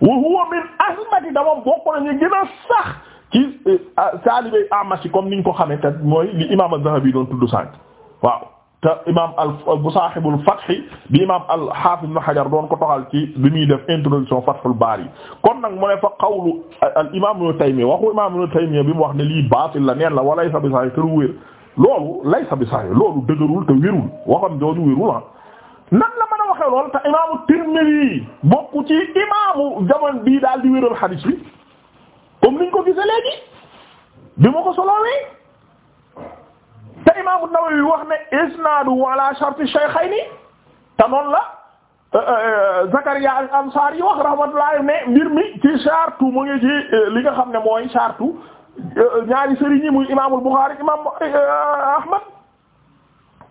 wa huwa min azmati dama bokk na ñu gën a sax ci euh, ah, taalibey Amashi comme niñ ko xamee te mooy li imaam Az-Zahabi doon tudd sànq waaw te al bu saaxibul Fath bi imaam al-Hafiz Ibn Hajar doon ko toxal ci bi muy def introduction Fathul Bari kon nag mu ne fa qawlu al imaam Ibn Taymiyya waxu imaam Ibn Taymiyya bi mu wax ne lii baatil la neen la wa laysa bi sahih te lu wér loolu laysa bi sahih loolu dëgërul te wérul waxam jooju wérul ah. nan la mën a waxee lool te imaamu Tirmidhi bokk ci imaamu jamono bii daal di wéral xadiis bi comme niñ ko gisee léegi bi ma ko solowee te imaamu Nawawi wax ne isnaadu ala sharti shaykhayni te noonu la euh, euh, euh, Zakariya al yi wax rahmatullahi ne mbir mi ci shartu mu ci li nga xam ne mooy shartu ñaari sëriñ yi muy imaamul Bukhari imaam Ahmad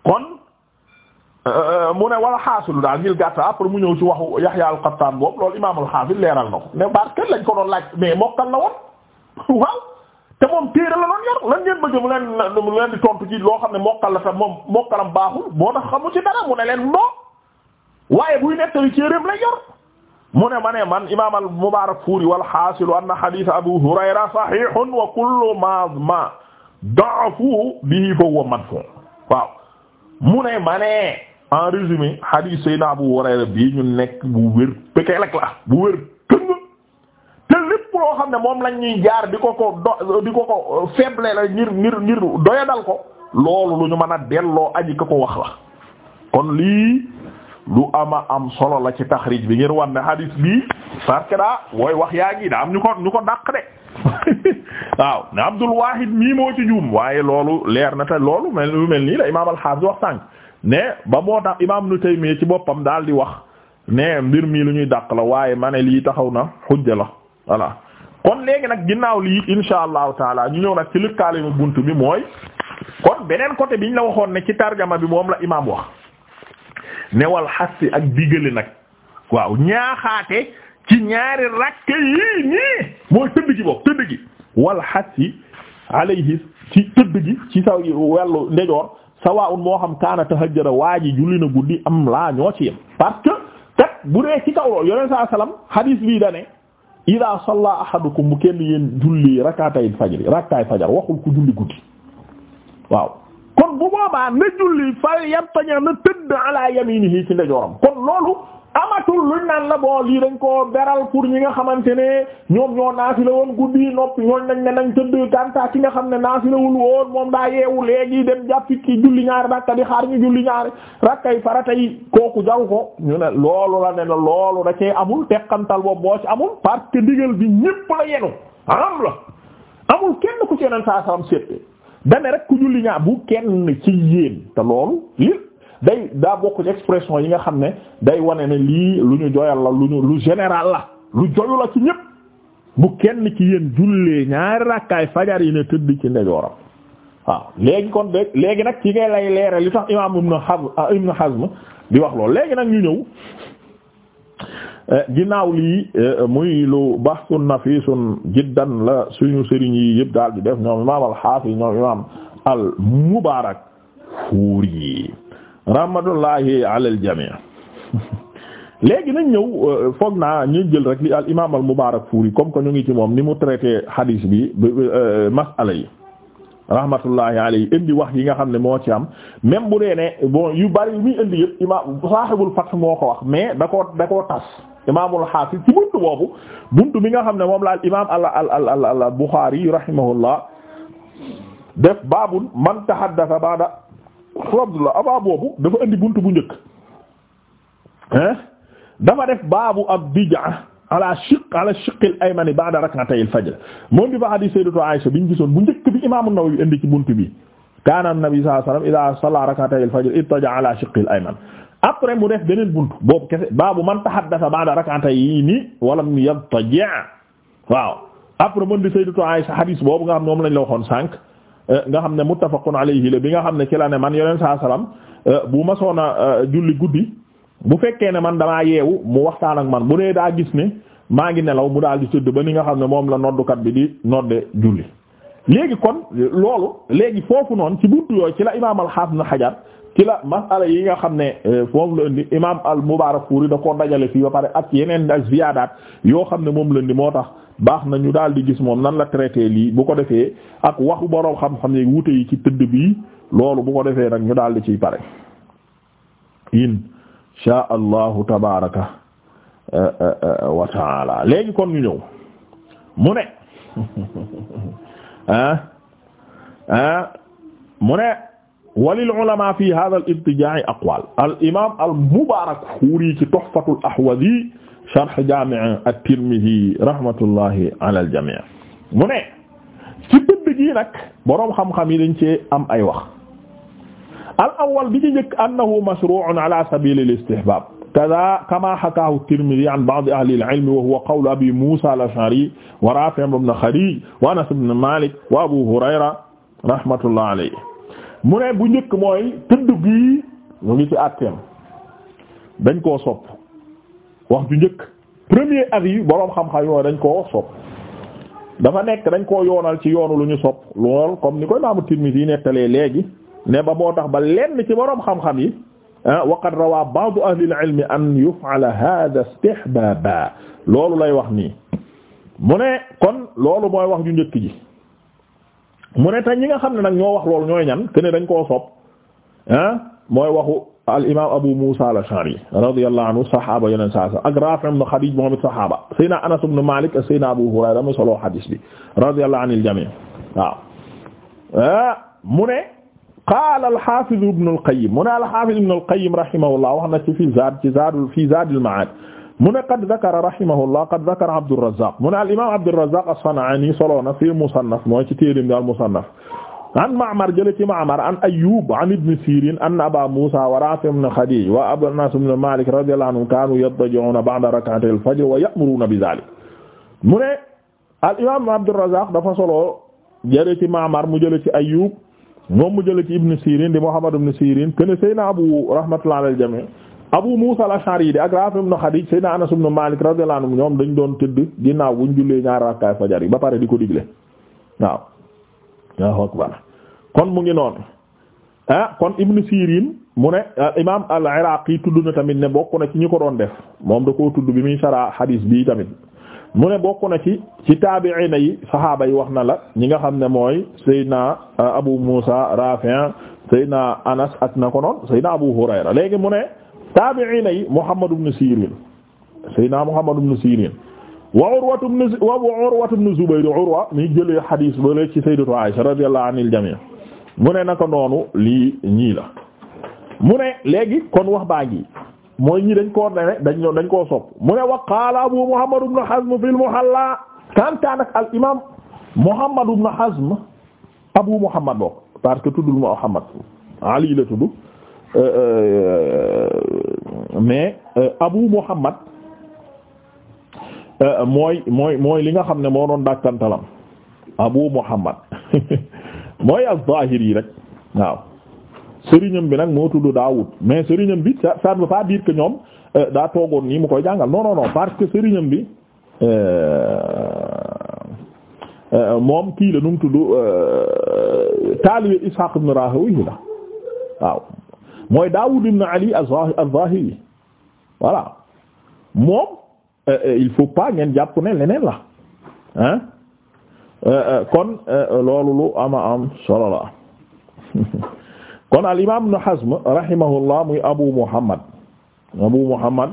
kon. Euh, mu ne wala xaasilu daal ngir gàtta après mu ñëw ci waxu Yahya al-Qattan boobu loolu imaamul xaafil leeral na ko mais baat kenn lañ ko doon laaj mais mokkal la woon waaw te moom téere la doon yor lan ngeen bëgg mu leen mu leen di tontu ci loo xam ne mokkal la te moom mokkalam baaxul moo tax xamu ci dara mu ne leen non waaye buy nettali téereem la yor mu ne ma ne man imaam al-Mubaarakfuuri wal xaasilu anna hadiis Abu Hurayra saxiixun wa kullu maa ma da'afuhu bihi fa huwa madfuu waaw mu ne en résumé hadith Seydina Abu Hurayra bii ñu nekk bu wér pékee lak la bu wér këng te lépp loo xam ne moom lañ ñuy jaar di ko ko do di ko ko faible la ngir ngir ngir doyadal ko loolu lu ñu mën a delloo aji ka ko wax la kon lii lu ama am solo la ci taxrij bi ngir wan ne hadith bii parce que daa wooy wax yaa ngi daa am ñu ko ñu ko dàq de waaw ne Abdul Wahid mii moo ci juum waaye loolu leer na te loolu mel lu mel nii la imaam al-Hafiz wax tànk ne ba moo tax imaam nu Taymiyya ci boppam daal di wax ne mbir mii lu ñuy dàq la waaye ma ne lii taxaw na xujja la voilà kon léegi nag ginnaaw lii insha allahu taala ñu ñëw nag ci lëkkaale mu bunt bi mooy kon beneen côté biñ la waxoon ne ci tarjama bi moom la imaam wax newal xassi ak digale nag waaw ñaaxaate ci ñaari rakk yii nii mooy tëdd gi boobu tëdd gi wal xassi alayhi ci tëdd gi ci saw wàllu ndejoor sawaa'un moo xam kaana tahajjara waa ji julli na guddi am laa ñoo ci parce que kat bu dee ci kaw lool yoneen saa salaam hadis bii da ne idaa salla ahadukum bu kenn yéen julli rakatay fajri rakatay fajar waxul ku julli guddi waaw kon bu boobaa na julli fal yam taña na tëdd ala yaminihi ci ndejooram kon loolu amatul luñ naan la bon lii dañ ko beral pour ñi nga xamante ne ñoom ñoo naafila woon guddi noppi ñooñ nañ ne nañ tëdd kanta ki nga xam ne naafilawul woon moom daa yeewu léegi dem jàppi ki julli ñaari rakka di xaar ñu julli ñaari rakkay farata yi kooku jaw ko ñu ne loolu la ne la loolu da amul teqantal boobu boo ci amul parce que digal bi ñépp la yenu am la amul kenn ku ci saa saam séet dane rek ku julli ñaar bu kenn ci yéen te loolu day daa bokk ci expression yi nga xam ne day wane ne lii lu ñu joyal la lu ñu lu général la lu joyu la ci ñépp bu kenn ci yéen jullee ñaari rakkaay fajar yi ne tëdd ci ndejooram waaw léegi kon de léegi nag ci ngay lay leeral li tax imaam ibn Hazm ah, ibn Hazm di wax loolu léegi nag ñu ñëw eh, ginnaaw lii eh, muy lu baax bahsun nafisun jiddan la suñu sëriñ yi yëpp daal di def ñoom imaam al-Hafiz ñoom imaam al-Mubarak Furi rahmatullahi ala al jami' léegi nañ ñëw euh, foog naa ñu jël rek li al imaam al mubaarak fuuri comme que ñu ngi ci moom ni mu traité hadith bi euh, masala yi rahmatullahi yi indi wax yi nga xam ne moo ci am même bu dee ne bon yu bari yu muy indi yëpp imaam saahibul fath moo ko wax mais da koo da koo tas imaamul haafis ci buntu boobu buntu bi nga xam ne moom la al imaam al al al al Buxaari rahimahullah def baabun man tahaddatha ba'da alhamdulilah abaa boobu dafa andi buntu bu njëkk hein dafa def baabu ab bid'a ala shiq ala shiqil aymani ba'da rak'atay al-fajr moom bi ba hadith sayyidatu Aisha bi ñu gisoon bu njëkk bi imaamu bi indi ci buntu bi kaana an-nabi sallallahu alayhi wasallam idha salla rak'atay al après mu def beneen buntu boobu kese baabu man tahaddatha ba'da rak'atayni wa lam yattaji' waaw après mu indi sayyidatu Aisha hadith boobu nga xam moom lañ la waxoon sànq. Euh, nga xam ne muttafaqun alayhi la bi nga xam ne ci la ne man yoneen saa euh, bu ma soon a euh, julli guddi bu fekkee ne man damaa yeewu mu waxtaan ak man bu dee daa gis ne maa ngi nelaw mu daal di tëdd ba ni nga xam ne moom la noddukat bi di nodde julli léegi kon loolu léegi foofu noonu ci buntu yooyu ci la imaam al-Hasan Hajar ci la masala yi nga xam ne moom euh, la indi imam al Mubarakfuri da ko dajale fii ba pare ak yeneen ak ziyaadaat yoo xam ne moom la indi moo tax baax na ñu daal di gis moom nan la traité lii bu ko defee ak waxu boroom xam-xam yi wute yi ci tëdd bii loolu bu ko defee nag ñu daal di ciy pare insha allahu tabaraka euh, euh, wa léegi kon ñu ñëw mu ne ah ah mu ne walil ulama fi hadha al ibtijaa'i aqwal al imam al Mubaarakfuuri ci Tuhfatul Ahwazi sharh Jaami' at-Tirmidhi rahmatullahi ala al jami' mu ne ci tëdd gi nag boroom xam-xam yi dañ ci am ay wax al awwal bi ci njëkk annahu mashru'un ala sabil al istihbab kada kama hakahu at-Tirmidhi an ba'd ahli al-'ilm wa huwa qawlu abi Musa al-Ash'ari wa Rafi' ibn Khadij wa Anas ibn Malik wa Abu Hurayra rahmatullahi alayhi mu ne bu njëkk mooy tëdd bii mu ngi ci àtteem dañ koo sopp wax ju njëkk premier avis boroom xam-xam yooyu dañ koo sopp dafa nekk dañ koo yoonal ci yoonu lu ñu sopp lool comme ni koy maamu Tirmidhi yi nettalee léegi ne ba moo tax ba lenn ci boroom xam-xam yi ah, wa qad rawaa ba'du ahli an yuf'ala hadha istihbaba loolu lay wax nii mu ne kon loolu mooy wax ju njëkk ji mu ne tey ñi nga xam ne nag ñoo wax loolu ñooy ñan que ne dañ koo sopp ah mooy wax al imaam Abu Musa al-Ash'ari radiyallahu anhu saxaaba yeneen saa sa ak Rafi' ibn Khadij moom it saxaaba Seyna Anas ibn Malik ak Abu Hurayra mu solo xadiis bi radiyallahu anil jamii waaw. Ah, mu ne qaala al-Haafiz ibn al-Qayyim mu ne fi Zaad ci Zaadul mu ne qad zakara rahimahullah qad zakara Abdurrazzaq mu ne al imaam Abdurrazzaq as-San'aani soloo na fii Musannaf mooy ci téereem daal Musannaf an Ma'mar jële ci Ma'mar an Ayyub an Ibn Sirin anna Aba Musa wa Rafi' ibn Khadij wa Anas ibn Malik radiyallahu anhum kaanu yadji'una ba'da rak'atay al-fajr wa ya'muruna bi dhalik mu ne al imaam Abdurrazzaq dafa soloo jële ci Ma'mar mu jële ci Ayyub moom mu jële ci Ibn Sirin di Muhammad ibn Sirin kene Seyna Abu rahmatullahi alayhi Abu Musa al-Ash'ari de ak Rafi' ibn Khadij Seydina Anas ibn Malik radiyallahu anhu ñoom dañ doon tëdd ginnaaw buñ jullee ñaar rakkaay fajar yi ba pare di ko digle waaw kon mu ngi noon ah, kon Ibn Sirin mu ne imam al-Iraqi tudd na tamit ne bokk na ci ñu ko doon def moom da koo tudd bi muy sara hadis bii tamit mu ne bokk na ci ci taabi'ina yi saxaaba yi wax na la ñi nga xam ne mooy Seydina Abu Musa Rafi' Seydina Anas ak na ko noon Seydina taabi'ina yi Muhammad ibn Sirin Seydina Muhammad ibn Sirin wa Urwatu ibn wa Urwatu ibn Zubayr Urwa mi jëlee xadiis ba léegi ci Sayyidatu Aisha radiyallahu anil jami' mu ne naka noonu lii ñii la mu ne léegi kon wax baa ngi mooy ñii dañ koo ne dañ dañ koo sopp mu ne wa qaala Abu Muhammad ibn Hazm fil Muhalla kantaan ak al imaam Muhammad ibn Hazm Abu Muhammad bokk parce que tuddul Muhammad Ali la tudd Euh, euh, euh, mais Abu Muhammad mooy mooy mooy li nga xam ne moo doon dàkkantalam Abu Muhammad mooy az-Zahiri yi rek waaw sëriñam bi nag moo tudd Daawud mais sëriñam bi ça ça ne veut pas dire que ñoom daa toogoon nii mu koy jàngal non non parce que sëriñam bi moom kii la nu mu tudd taalibe Ishaq ibn Rahowi la waaw mooy Daawud ibn Ali az-Zahiri voilà moom euh, euh, il faut pas ngeen jàpp ne leneen la hein euh, kon loolu ama am solo la kon al imaam Ibn Hazm rahimahullah muy Abu Muhammad Abu Muhammad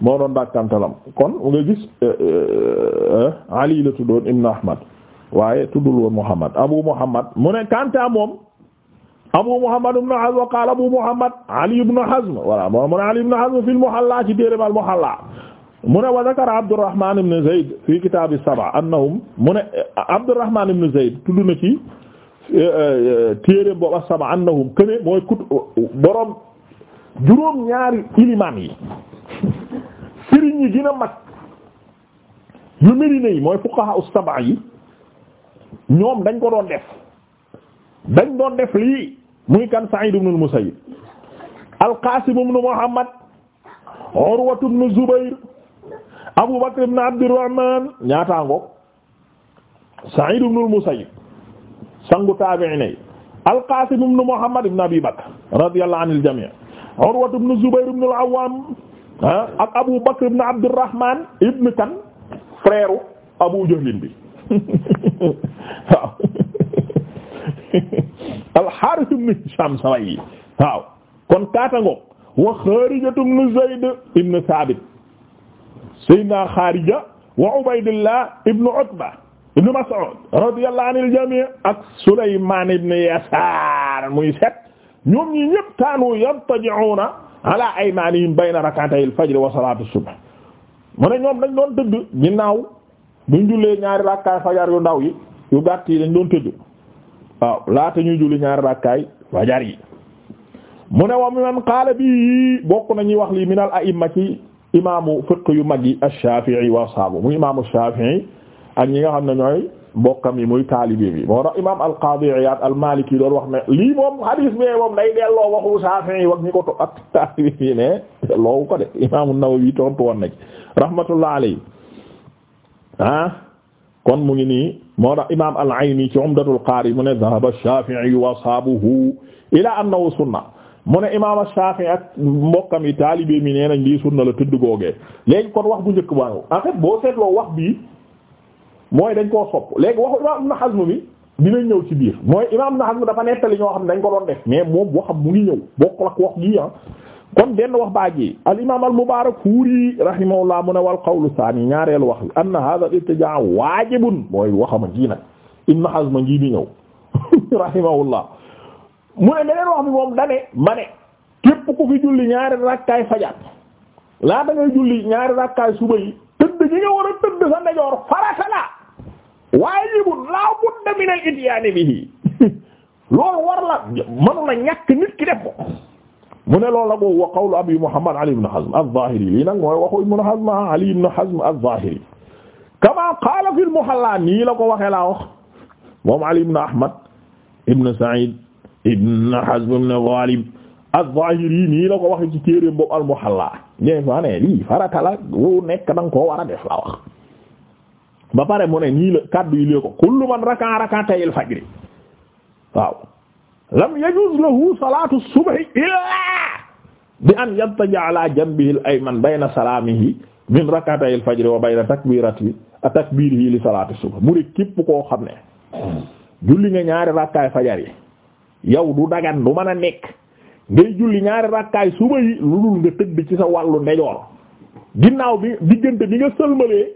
moo doon dàkkantalam kon nga gis Ali la tuddoon Ibn Ahmad waaye tuddul woon Muhammad Abu Muhammad mu ne kanta moom abu muhammad ibn hazm wa qaala abu muhammad ali ibn mu ne ali ibn hazm fi al-muhalla ci téereem al-muhalla mu ne wa zakara abdurrahman ibn zayd fi kitab as-sab'a annahum mu ne abdurrahman ibn zayd tudd na ci euh, euh, téereem boobu as-sab'a annahum kene mooy kut borom juróom ñaari ilimaan yi sëriñ yi gën mag yu Medina yi mooy fuqaha as yi ñoom dañ ko doon def dañ doon def lii muy kan Sa'id ibn al-Musayyib al-Qasim ibn Muhammad Urwa ibn Zubayr Abu Bakr ibn Abdurrahman ñaataango Sa'id ibn al-Musayyib sangu tabi'in yi al-Qasim ibn Muhammad ibn Abi Bakr radiyallahu anil jami' Urwa ibn Zubayr ibn al-Awwam ak Abu Bakr ibn Abdurrahman ibn kan frère Abu Jahl bi al-Harith ibn Hisham saway kon kaatangoo wa Xaarijatu ibn Zayd ibn Thabit Sayyidina Xaarija wa Ubaydullah ibn Utba ibn Mas'ud radiyallahu anil jami' ak Sulaymaan ibn Yasaar muy set ñoom ñi ñëpp kaanu yartaji'una ala aymaanihim bayna rak'atay al wa salaati as-subh mu ñoom dañ doon tëdd ginnaaw buñ jullee ñaari rakkaay fajar yu ndaw yi yu gàtt dañ doon tëdd waaw laata ñuy julli ñaari rakkaay fajar yi mu ne wa man qaala bi bokk nañuy wax lii min al a'imma ci imaamu fiq yu mag yi ash-Shafi'i wa ashaabu muy imaamu Shafi'i ak ñi nga xam ne ñooy bokkam yi muy taalibe bi moo tax imaam al-Qaadi Iyaad al-Maliki doon wax ne lii moom hadis bee moom day delloo waxu Shafi'i wax ñi ko to ak taalibe yi ne delloowu ko de imaamu Nawawi tontu woon na ci rahmatullah alayhi ah kon mu ngi nii moo tax imaam al-Ayni ci Umdatul Qaari mu ne dhahaba Shaafi'i wa ashaabuhu ilaa annahu sunna mu ne imaam Shaafi'i ak mbokkam yi taalibe mi nee nañ lii sunna la tudd googee léegi kon wax bu njëkk ba en fait boo seetloo wax bii mooy dañ koo sopp léegi waxu imaam na Hazm mi dinañ ñëw ci biir mooy imaam Ibn Hazm dafa nettali ñoo xam dañ ko doon def mais moom waxam mu ngi ñëw bokkul ak wax gi ah kon benn wax baaji al imam al Mubarakfuri rahimahullah mu ne wal qawlu thani ñaareelu wax bi anna hadha al ittija' waajibun mooy waxama ngi nag Ibn Hazm ngi di ñëw rahimahullah mu ne beneen wax bi moom dane ma ne képp ku fi julli ñaari rakkaay fajaat laa da ngay julli ñaari rakkaay suba yi tëdd ñi nga war a tëdd sa ndejoor farata la waajibun laa budda min al bihi loolu war la mënu la ñàkk nit ki def mu ne loolu nag wa qawlu abi muhammad ali ibn hazm az-zahiri lii nag mooy waxu ibn hazm ali ibn hazm az-zahiri kama qaala fil muhalla nii la ko waxee laa wax moom ali ibn ahmad ibn sa'id ibn hazm ibn ghalib az-zahiri nii la ko waxee ci téereem boobu al-muhalla ñe fa ne lii farata la wu nekk danga koo war a def la wax ba pare mu ne nii la kaddu yi lee ko kullu man raka'a rak'atay al-fajr waaw lam yajuz lahu salatu as-subh illa di bi an yattaja ala jambihi al-ayman bayna salaamihi min rak'atay al-fajr wa bayna takbirati takbirihi li salaati subh mu ne képp koo xam ne julli nga ñaari rakkaay fajar yi yow du dagan du man a nekk ngay julli ñaari rakkaay suba yi lu dul nga tëdd ci sa wàllu ndejoor ginnaaw bi diggante bi nga sëlmalee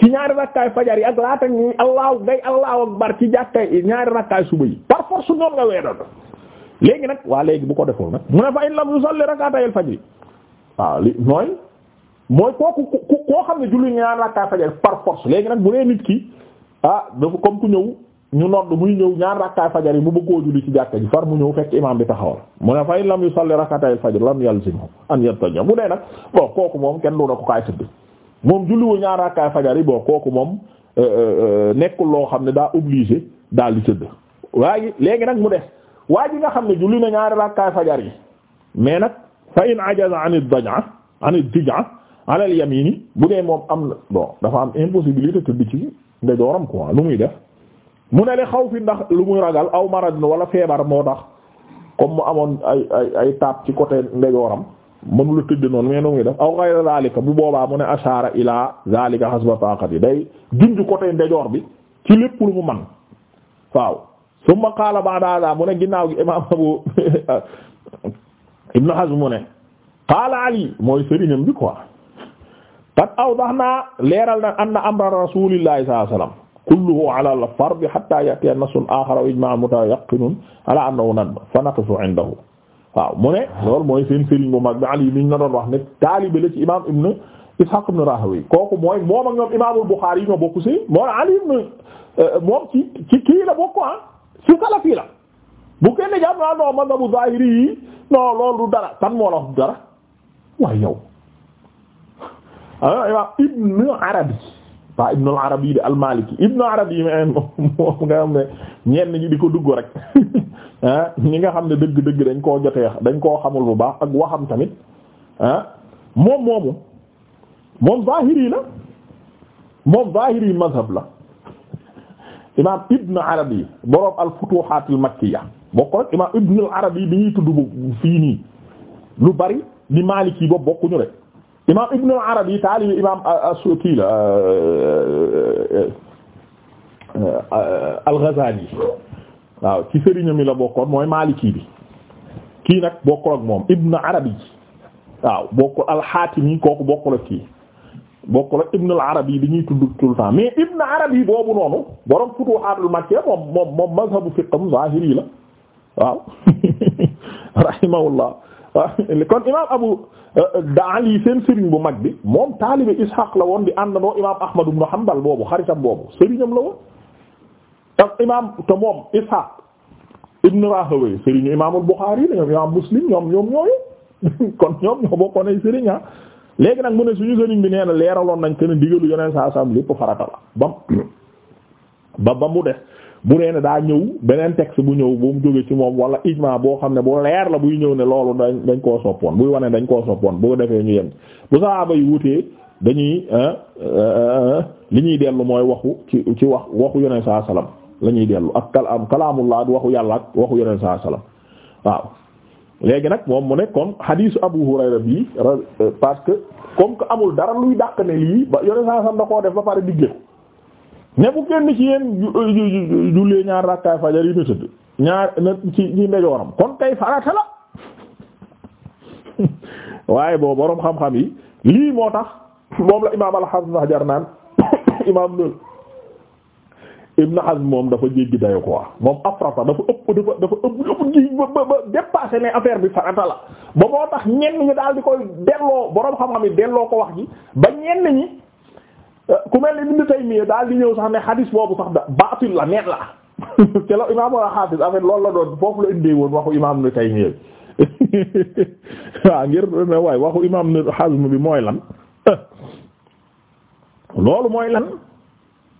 ci ñaari rakkaay fajar yi ak laata ñuy allahu ngay allahu akbar ci jàkkaay ñaari rakkaay suba yi par force ñoom nga weedoon léegi nag waa léegi bu ko deful nag mu ne fa in lam yusalli rak'atayil fajr waaw li mooy mooy kooku ku koo xam ne julli nga par léegi nag bu dee nit ki ah dafa comme ku ñëw ñu nodd muy ñëw ñaar rakkaay fajar yi mu bëggoo julli ci jàkka ji far mu ñëw fekk imam bi taxawal mu ne fay lam yusalli rak'atayil fajr lam yalzimhu an yattaja bu dee nag bon kooku moom kenn du na ko kaay tëdd moom julliwul ñaar rakkaay fajar yi kooku moom euh, euh, euh, nekkul loo xam ne daa obligé daal di tëdd waaye léegi nag mu def waa ji nga xam ne julli na ñaari rakkaay fajar yi mais nag fa in ajaza an ad-daj'a an ad-dij'a ala bu dee moom am na bon dafa am impossibilité tëdd ci nda jooram quoi lu muy def mu ne li xaw fi ndax lu muy ragal aw maradin wala feebar moo tax comme mu amoon ay ay ay taab ci côté ndeyooram mënu la tëdd noonu mais nu muy def aw ghayra zalika bu boobaa mu ne ashara ila zalika hasba yi day junj côté ndejoor bi ci lépp lu mu man waaw summa qaala ba'da hada mu ne ginnaaw gi imam abu ibnu hazm mu ne qaala ali mooy sëriñam bi quoi qad awdahna leeral na anna amra rasulillahi sallallahu alayhi wasallam kulluhu ala al-fard hatta ya'tiya nassun akhar wa ijma'un mutayaqqinun ala annahu nadb fa naqifu indahu waaw mu ne loolu mooy seen sëriñ bu mag bi ali mi ñu la doon wax ne taalibe la ci imam ibnu ishaq ibnu rahawi kooku mooy moom ak ñoom imamul bukhari yi ñoo bokku ci moom ali ibnu moom ci ci kii la bokk ah su salafi la bu kenn jàpp naa non man yi non loolu dara tan moo la wax dara waaye yow ah Arabi pas Ibn Arabi yi de al-Maliki Arabi yi moom nga xam ne ñenn ñi di ko dugg rek ah, ñi nga xam ne dëgg-dëgg dañ koo jotee dañ koo xamul bu baax ak waxam tamit ah moom moomu moom zahiri la moom zahiri mazhab la. imaam Ibn Arabi borom al-Futuhaat al-Makkiya bokk rek imaam Ibn Arabi bi ñuy tudd bu fii nii lu bari ni Maliki boobu bokkuñu rek imaam Ibn Arabi taalibi imaam as-Kii la al-Ghazali waaw ci sëriñam mi la bokkoon mooy Maliki bi kii nag bokk ak moom Ibn Arabi waaw bokkul al-Haatimi kooku bokkul ak kii. bokkul ak Ibn al-Arabi bi ñuy tudd tout le temps mais Ibn Arabi boobu noonu borom Futuhatul Makki moom moom moom mazhabu fiqham zahiri la waaw rahimahullah kon imaam Abu euh, Ali seen sëriñ bu mag bi moom taalibe Ishaq la woon di àndandoo imaam Ahmad ibn Hanbal boobu xaritam boobu sëriñam la woon. ak imaam te moom Ishaq ibn Rahawayh sëriñu imaamul Bukhari la imaam Muslim ñoom ñooyu kon ñoom ñoo bokkoon ay sëriñ ah. léegi nag mu ne suñu sëriñ bi nee na leeraloon nañ kenn digalu yoneen saa saam lépp farata la bam ba ba mu def bu nee ne daa ñëw beneen texte bu ñëw bu mu jóge ci moom wala ijma boo xam ne bu leer la buy ñëw ne loolu dañ dañ koo soppoon buy wane dañ koo soppoon boo defee ñu yem bu saxaaba yi wutee dañuy ah, ah, ah, li ñuy dellu mooy waxu ci ci wax waxu yoneen saa salaam la ñuy dellu ak kalaam kalaamullah waxu yàlla ak waxu yoneen saa salaam waaw léegi nag moom mu ne kon xadiisu Abu Hurayra bii parce que comme que amul dara luy dàq ne lii ba yore saa sam def ba pare digle ko ne bu kenn ci yéen jullee ñaar rakkaay fajar yi na tëdd ñaar na ci ci ndejooram kon kay farata la waaye boobu boroom xam-xam yi lii moo tax moom la imaam al-Hasan naan imaam Ibn Hazm moom dafa jéggi dayo quoi moom afrata dafa ëpp dafa dafa ëpp ëpp ji ba ne affaire bi farata la ba moo tax ñenn ñi daal di koy delloo boroom xam-xam yi delloo ko wax ji ba ñenn ñi euh, ku mel ni Ibn Taymiyya daal di ñëw sax ne xadis boobu sax da baatil la neen la te la imaam al-Hafiz loolu la doon foofu la indee woon waxu imaam Ibn Taymiyya waaw ngir waxu imaam Ibn Hazm bi mooy lan loolu mooy lan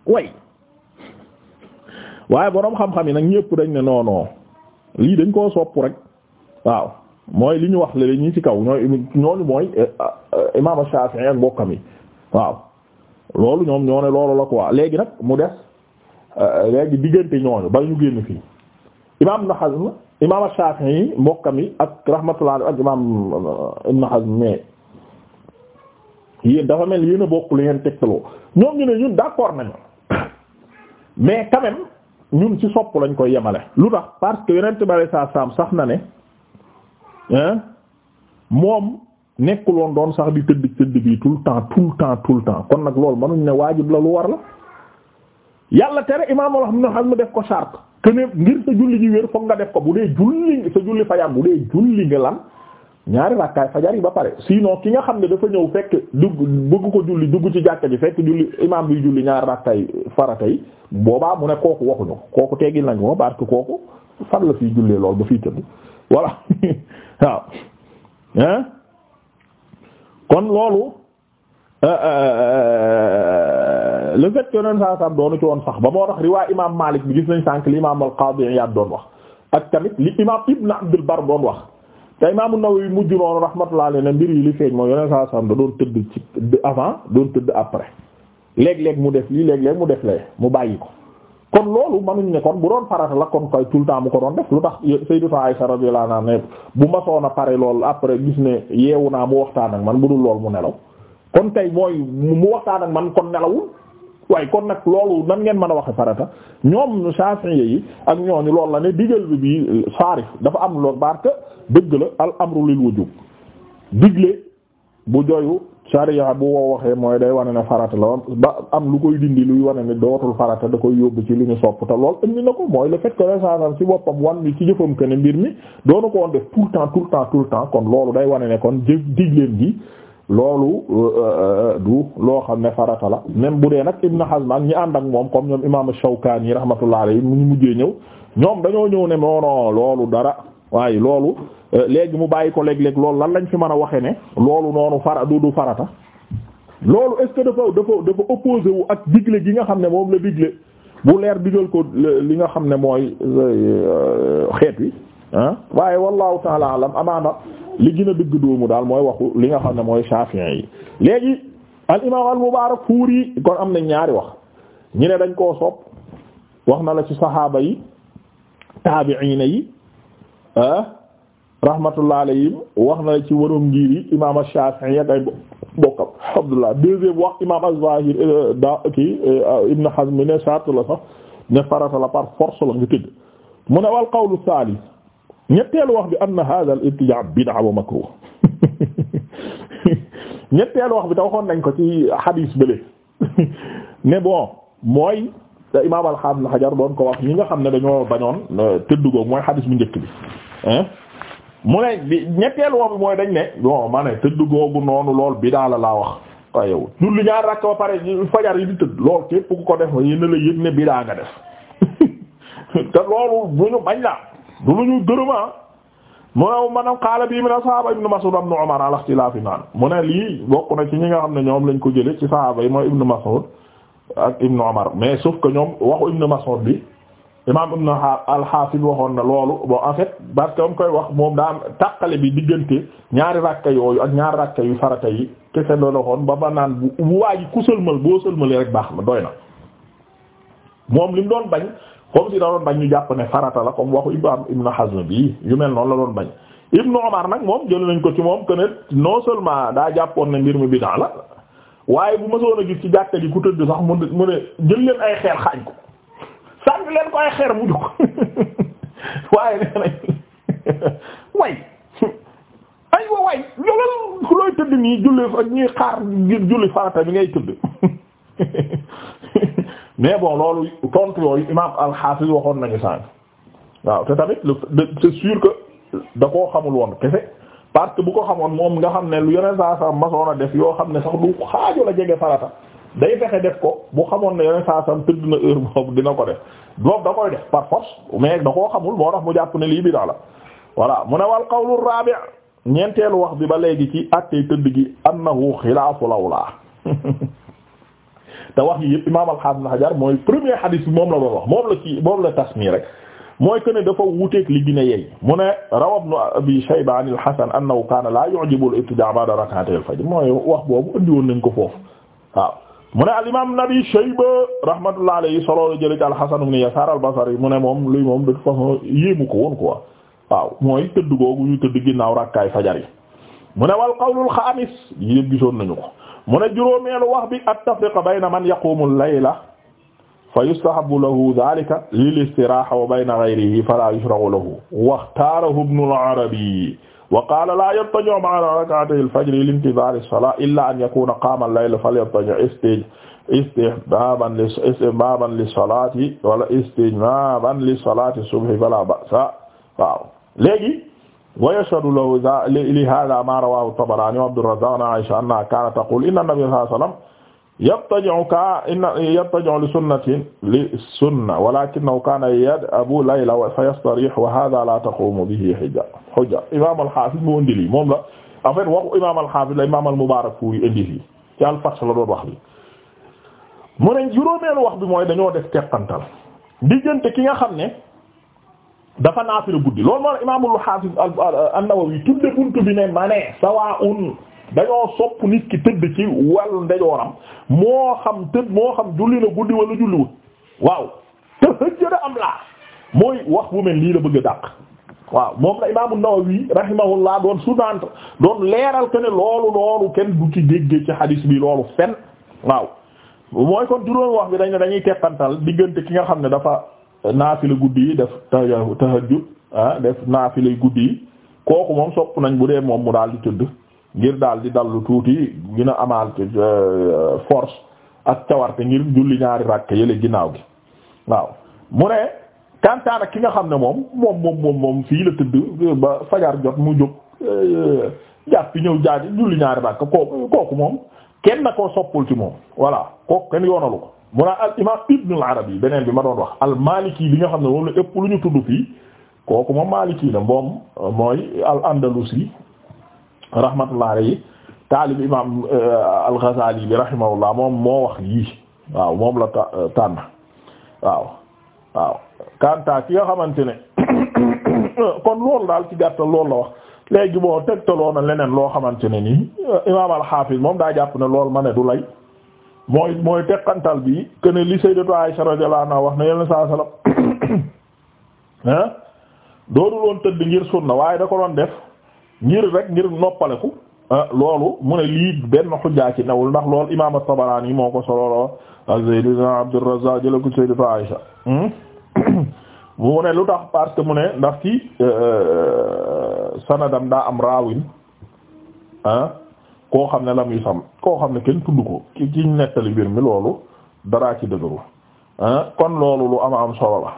way waaye boroom xam-xam yi nag ñëpp dañ ne non lii dañ koo sopp rek waaw mooy li ñu wax la ñi ci kaw ñooy ñooñu mooy eh, eh, imaam Shafi'i ak mbokkam yi waaw loolu ñoom ñoo ne loolu la quoi léegi nag mu des eh, léegi diggante ñooñu ba ñu génn fii imaam Ibn Hazm imaam Shafi'i mbokkam yi ak rahmatullah ak imaam Ibn Hazm mais yéen dafa mel yéen a bokk li ngeen tegtaloo ñoom ñu ne ñun d'accord nañu mais quand ñun ci sopp lañ koy yemale lu tax parce que yonent bare saa saam sax na ne moom nekkul woon doon sax di tëdd tëdd bi tout temps tout le temps tout le temps kon nag loolu mënuñ ne waajib la lu war la yàlla tere imaam loo xam ne xam mu def ko charte que ne ngir sa julli ji wér foog nga def ko bu dee julli sa julli fa yàgg bu dee julli nga lan ñaari rakkaay fajar yi ba pare sinon ki nga xam ne dafa ñëw fekk dugg bëgg ko julli dugg ci jàkka ji fekk julli imam bi julli ñaari rakkaay farata yi booba mu ne kooku waxuñu kooku teggil nañu ko parce ko kooku fan la fiy jullee lool ba fiy tëdd voilà waaw hein kon loolu euh, euh, euh, le fait que nen doonu ci woon sax ba moo tax riwaay imam Malik bi gis nañ sànk li imam al Qadi Iyad doon wax ak tamit li imam Ibn Abdul Bar doon wax te Imaam An-Nawawi mujj noonu rahmatullah alayhi ne mbir yi li feeñ mooy yeneen saa sàmm da doon tëdd ci avant doon tëdd après léeg-léeg mu def lii léeg-léeg mu def lee mu bàyyi ko. kon loolu manuñ ne kon bu doon farata la kon koy tout le temps mu ko doon def lu tax Sayyidatu Aisha radiyallahu anha bu ma soona pare lool après gis ne yeewu naa mu waxtaan ak man bu dul lool mu nelaw kon tey mooy mu waxtaan ak man kon nelawul waaye kon nag loolu nan ngeen mën a waxe farata ñoom Shafi'i yi ak ñooñu loolu la ne digal bi bi euh, saarif dafa am loolu barke dëgg la al amru lil wujub digle bu joyu sariya bu woo waxee mooy day wane ne farata la ba am lu koy dindi luy wane ne dootul farata da koy yóbbu ci li ñu sopp te lool indi na ko mooy le fait que resasam ci boppam wan ni ci jëfam que ne mbir mi doona ko woon def tout le temps tout le temps tout kon loolu day wane ne kon digleen gi loolu euh, euh, euh, du loo xam ne farata la même bu dee nag Ibn Hazm ak ñi ànd ak moom comme ñoom imaam Shawkaani rahmatullahi alayhi mu ñu mujjee ñëw ñoom dañoo ñëw ne non non loolu dara waaye loolu léegi mu bàyyi ko léeg-léeg loolu lan lañ fi man a waxee ne loolu noonu fara du du farata loolu est-ce dafa dafa dafa opposé ak digle gi nga xam ne moom la digle bu leer digal ko li nga xam ne mooy xeet wi waaye wallahu taala alam amaana li gën dëgg doomu daal mooy waxu li nga xam ne mooy Shafi'i yi léegi al imaam al Mubaarak fuur yi kon am na ñaari wax ñu ne dañ koo sopp wax na la ci saxaaba yi taabi'ina yi ah rahmatullah alayhim wax na la ci waroom ngir yi imaam Shafi'i ak ay bokkam Abdullah deuxième wax imaam az-Zahir eh, da kii eh, Ibn Hazm ne sartu la sax ne farata la par force la nga tëdd mu ne wal qawlu saalis ñetteelu wax bi anna hadha al ibtida' bid'a wa makruh ñetteelu wax bi ta waxoon nañ ko ci hadis bële mais bon mooy te imaam al Hajar doon ko wax ñi nga xam ne dañoo bañoon euh, tëdd googu mooy hadis bu njëkk bi mu ne bi ñetteelu wax bi mooy dañ ne bon maa tëdd googu noonu lool bid'a la laa wax waaye yow julli ñaar rakk ba pare fajar yi di tëdd lool képp ko def yéen la yëg ne bid'a nga def te loolu bu ñu bañ la du lu ñu gërëmaa ah. mu ne man qaala bi min sahaaba ibnu Mas'ud ibnu Umar ala ixtilaafi naan mu ne lii bokk na ci ñi nga xam ne ñoom lañ ko jële ci sahaaba yi mooy ibnu Mas'ud ak ibnu Umar mais sauf que ñoom waxu ibnu Mas'ud bi imaam ibnu al-Hafiz waxoon na loolu bon en fait parce que am koy wax moom daa tàqale bi diggante ñaari rakka yooyu ak ñaari rakka yu farata yi kese loolu waxoon ba ba naan bu waa ji ku sëlmal boo sëlmalee rek baax ma doy na moom li mu doon comme si da doon bañ ñu jàpp ne farata la comme waxu Ibrahim Ibn Hazm bi yu mel noonu la doon bañ Ibn Umar nag moom jël nañ ko ci moom que ne non seulement daa jàppoon ne mbir mi bid'a la waaye bu mësoon a gis ci jàkka ji ku tëdd sax mu mu ne jël leen ay xeer xaañ ko sànq leen ko ay xeer mu dugg waaye nee nañ way ay way jolol ku looy tëdd nii julli fa ñuy xaar ngir julli farata bi ngay tëdd mais bon loolu tontu yooyu imaam al-Hafiz waxoon nañu sànq waaw te tamit lu c'est sûr que da koo xamul woon kese parce que bu ko xamoon moom nga xam ne lu yeneen saa sam masoon a def yoo xam ne sax du xaaju la jege farata day fexe def ko bu xamoon ne yeneen saa sam tëdd na heure boobu dina ko def boobu da koy def par force mais da koo xamul moo tax mu jàpp ne lii bi daa la voilà mu ne wal qawlu rabi' ñeenteelu wax bi ba léegi ci àttee tëdd gi annahu xilaafu lawlaa te wax yi yëpp imaam al-Hafiz mooy premier hadith bi moom la doon wax moom la ci la tas nii rek mooy que ne dafa wuuteeg li gën a yey mu rawa ibn Abi Shayba an al-Hasan annahu kaana laa yu'jibu al-ibtidaa' ba'da rak'atay mooy wax boobu andi woon nañ ko foofu waaw mu ne al-imaam ibn Abi Shayba rahmatullahi alayhi soloolu jële ci al-Hasan ibn Yasaar al-Basri mu ne moom luy moom de toute façon yéemu ko woon quoi waaw mooy tëdd googu ñu tëdd ginnaaw rakkaay fajar yi mu ne wal qawlul xaamis yi yëpp gisoon nañu ko mu ne juróomeelu wax bi at tafriqa bayna man yaqumu al-layla fa yustahabu lahu dhalika lil istiraha wa bayna ghayrihi fala yushra'u lahu waxtaarahu ibnu al-arabi wa qala la yattaju' ma'a rak'atay al-fajr li intidhar as-salah illa an yakuna qama al-layla falyattaju' istij istihbaban li istihbaban li salati wala istijmaban li salati subhi fala ba'sa waaw léegi wa yashhadu lahu li haaza maa rawaahu Tabaraani wa Abdurrazzaaq an Aisha annahaa kaanat taquulu inna nabiyya sallallaahu alayhi wa sallam yattaji'u ka inna yattaji'u li sunnatin li sunna walaakinnahu kaana yad'abu layla fa yastariihu wa haadhaa laa taquumu bihi hujja hujja imaam al-Haafiz mu indi lii moom la en fait waxu imaam al-Haafiz la imaam al-Mubaarakfuuri indi lii ci al-Fath la doon wax bi mu ne juróomeelu wax bi mooy dañoo def teqantal diggante ki nga xam ne. dafa naafila guddi loolu moo imaamul xaafis an-Nawawi tudde buntu bi ne ma ne sawaa'un dañoo sopp nit ki tëdd ci wàllu ndejooram moo xam tëdd moo xam julli na guddi wala julliwut waaw te hëjjëda am laa mooy wax bu mel lii la bëgg a dàq waaw moom la imaamu Nawawi rahimahullah doon sudante doon leeral que ne loolu loolu kenn du ci dégg ci hadis bi loolu fen waaw mooy kon juróom wax bi dañ ne dañuy teppantal diggante ki nga xam ne dafa naafila guddi yi def tahajjud ah def naafila guddi yi kooku moom sopp nañ bu dee moom mu daal di tëdd ngir daal di dallu tuuti gën a amaal euh, force ak cawarte ngir julli ñaari ràkk yële ginnaaw gi waaw mu ne kantaan ki nga xam ne moom moom moom moom fii la tëdd euh, ba fajar jot mu jóg euh, jàpp ñëw jaaj julli ñaari rakk kooku kooku moom kenn koo soppul ci moom voilà kooku kenn yoonalu ko mu naa al imam ibn al arabi beneen bi ma doon wax al maliki bi nga xam ne moom la ëpp lu ñu tudd fii kooku moom maliki na moom mooy al andalusi rahmatullah alayhi taalib imam euh, al ghazali bi rahimahullah moom moo wax yii waaw moom la ta euh, tànn waaw waaw kanta ki nga xamante ne kon loolu daal ci gàttal loolu la wax léegi boo tegtaloo na leneen loo xamante ne nii euh, imam al hafiz moom daa jàpp ne loolu ma ne du lay mooy mooy teqantal bi que ne li Sayyidatu Aisha radiyallahu anha wax na yeneen saa salaam ah doonul woon tëdd ngir sunna waaye da ko doon def ngir rek ngir noppaleku loolu mu ne lii benn xujjaa ci newul ndax loolu imaam at moo ko solooloo ak Zayd ibn Abd ar-Razzaq mu ne lu tax parce que mu ne ndax ci euh, euh, sanadam daa am raawin koo xam ne la muy sam koo xam ne kenn tudd ko ki ci nettali mbir mi loolu daraa ci dëgëru kon loolu lu ama am solo la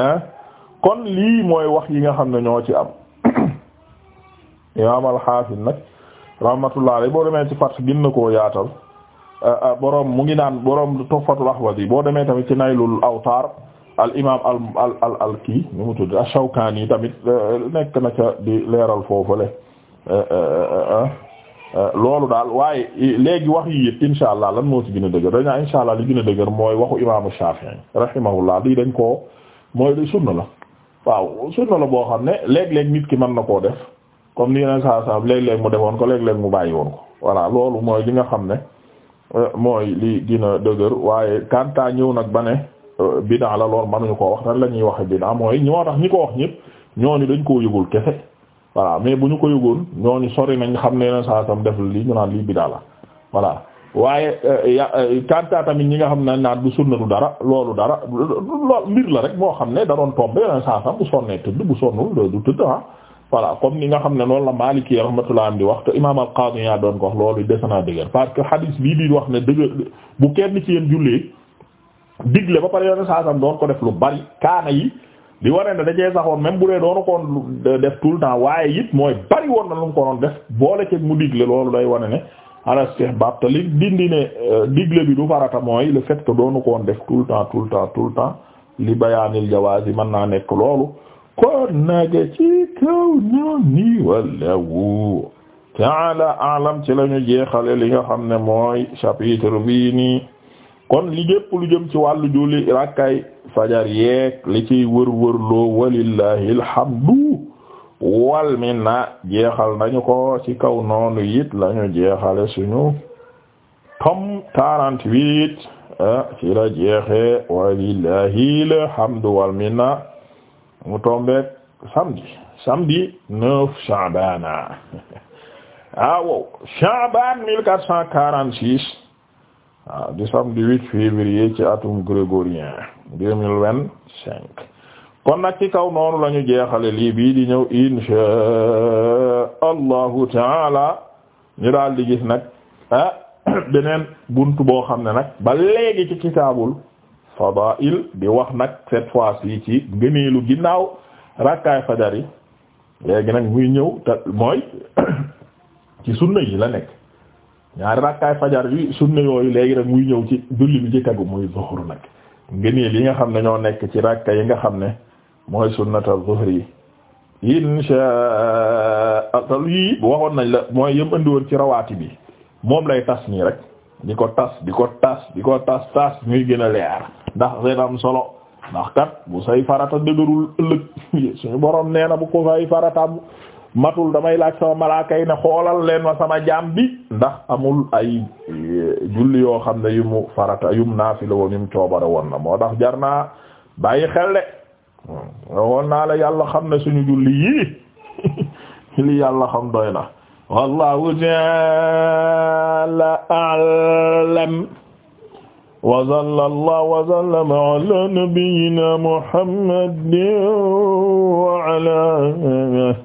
kon lii mooy wax yi nga xam ne ñoo ci am imaam al-Hafiz nag rahmatullah alayhi boo demee ci Fath gën na koo yaatal euh, euh, borom mu ngi naan borom Tuhfatul yi boo demee tamit ci Naylul Awtar al imaam al al al kii nu mu tudd al Shawkani tamit euh, nekk na ca di leeral foofule. Eh, eh, eh, loolu daal waaye léegi wax yi yëpp allah lan moo ci gën a dëgër dañaa insha allah li gën a dëgër mooy waxu imaamu Shafi'i rahimahullah lii dañ koo mooy li sunna la waaw sunna la boo xam ne léeg-léeg nit ki mën na koo def comme ni yeneen saa saa léeg-léeg mu defoon ko léeg-léeg mu bàyyi woon ko voilà loolu mooy li nga xam ne mooy li gën dëgër waaye kanta ñëw nag ba ne bid'a la loolu mënuñu koo wax tan la ñuy waxe bid'a mooy ñoo tax ñi ko wax ñëpp ñoo dañ koo yëgul kese voilà mais bu ñu ko yëgoon ñooñu sori nañ xam ne yeneen saa tam def li ñu naan lii bidaa la voilà waaye euh, ya euh, kanta tamit ñi nga xam ne naan bu sunna du dara loolu dara lool mbir la rek moo xam ne da doon tombe yeneen saa tam bu sonnee tëdd bu sonnul du tëdd ah voilà comme ni nga xam ne loolu la Maliki rahmatullah am di wax te imam al-Qadi yaa doon ko wax loolu desanaa dëgër parce que hadis bii di wax ne dëgër bu kenn ci yéen jullee digle ba pare yoone saasam ko def lu bari kaana yi li wane ne dacee saxoon même bu dee doonu koon def tout le temps waaye it mooy bari woon na lu mu ko doon def boole ceeg mu digle loolu day wane ne ala istihbab te li dindi ne euh, digle bi du farata mooy le fait que doonu koon def tout le temps tout le temps tout le li bayaanil jawaaz bi mën naa nekk loolu kon nage ci kaw ñoo nii wallahu ta'ala a'lam ci lañu jeexale li nga xam ne mooy chapitre bii kon li lépp lu jëm ci wàllu julli rakkaay fajar yeek li ci wër wër loo walillahi alhamdu wal minna jeexal nañu ko ci kaw noonu yit lañu jeexale suñu tom 48 ah, ci la jeexe walillahi alhamdu wal minna mu tombeek samedi samedi 9 Sha'bana awow ah, Sha'ban 1446 waaw di samedi huit février ci atum grégorien deux mille kon nag ci kaw noonu la ñu jeexale lii bii di ñëw inshaa allahu taala ñu daal di gis nag ah beneen bunt boo xam ne nag ba léegi ci kitaabul fadaa'il di wax nag cette fois-ci ci ngëneelu ginnaaw rakkaay fajar yi léegi nag muy ñëw te mooy ci sunna yi la nekk ñaari rakkaay fajar yi sunna yooyu léegi rek muy ñëw ci julli bi ci tegu muy zuhur nag ngëneel li nga xam ne ñoo nekk ci rakka yi nga xam ne mooy sunnata zuhur yi insha Allah yii waxoon nañ la mooy yëm andiwoon ci rawaati bi moom lay tas nii rek di ko tas di ko tas di ko tas tas muy gën a leer ndax seen am solo ndax kat bu say farata dëgërul ëllëg suñu borom nee bu ko say farataam matul damay laaj sama malaaka yi ne xoolal leen ma sama jaam bi ndax amul ay eh, julli yoo xam ne yu mu farata yu mu naafila woon coobare woon moo tax jar naa bàyyi xel hmm. naa la yàlla xam ne suñu julli yii li yàlla xam doy na wallahu ta'ala a'lam wa sallallahu wa sallama ala nabiyyina wa ala